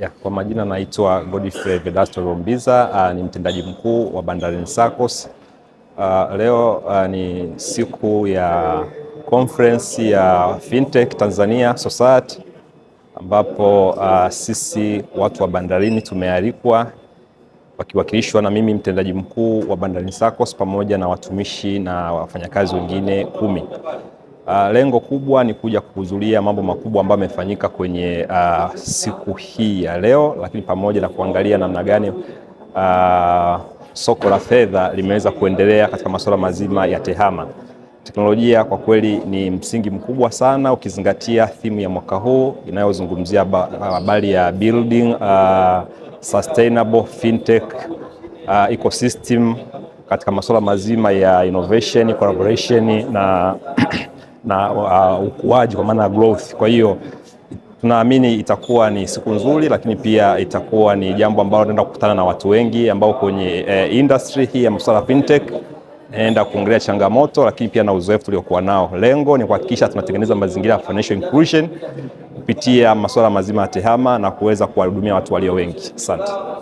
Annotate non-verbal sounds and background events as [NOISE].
Ya, kwa majina naitwa Godfrey Vedasto Rombiza, uh, ni mtendaji mkuu wa Bandarini SACCOS. Uh, leo uh, ni siku ya conference ya Fintech Tanzania Society ambapo uh, sisi watu wa bandarini tumealikwa wakiwakilishwa na mimi mtendaji mkuu wa Bandarini SACCOS pamoja na watumishi na wafanyakazi wengine kumi. Uh, lengo kubwa ni kuja kuhudhuria mambo makubwa ambayo yamefanyika kwenye uh, siku hii ya leo, lakini pamoja na kuangalia namna gani uh, soko la fedha limeweza kuendelea katika masuala mazima ya tehama. Teknolojia kwa kweli ni msingi mkubwa sana, ukizingatia thimu ya mwaka huu inayozungumzia habari ya building uh, sustainable fintech uh, ecosystem katika masuala mazima ya innovation, collaboration na [CLEARS THROAT] na uh, ukuaji kwa maana growth. Kwa hiyo tunaamini itakuwa ni siku nzuri, lakini pia itakuwa ni jambo ambalo tunaenda kukutana na watu wengi ambao kwenye eh, industry hii ya masuala ya fintech naenda kuongelea changamoto lakini pia na uzoefu tuliokuwa nao. Lengo ni kuhakikisha tunatengeneza mazingira ya financial inclusion kupitia masuala mazima ya tehama na kuweza kuwahudumia watu walio wengi. Asante.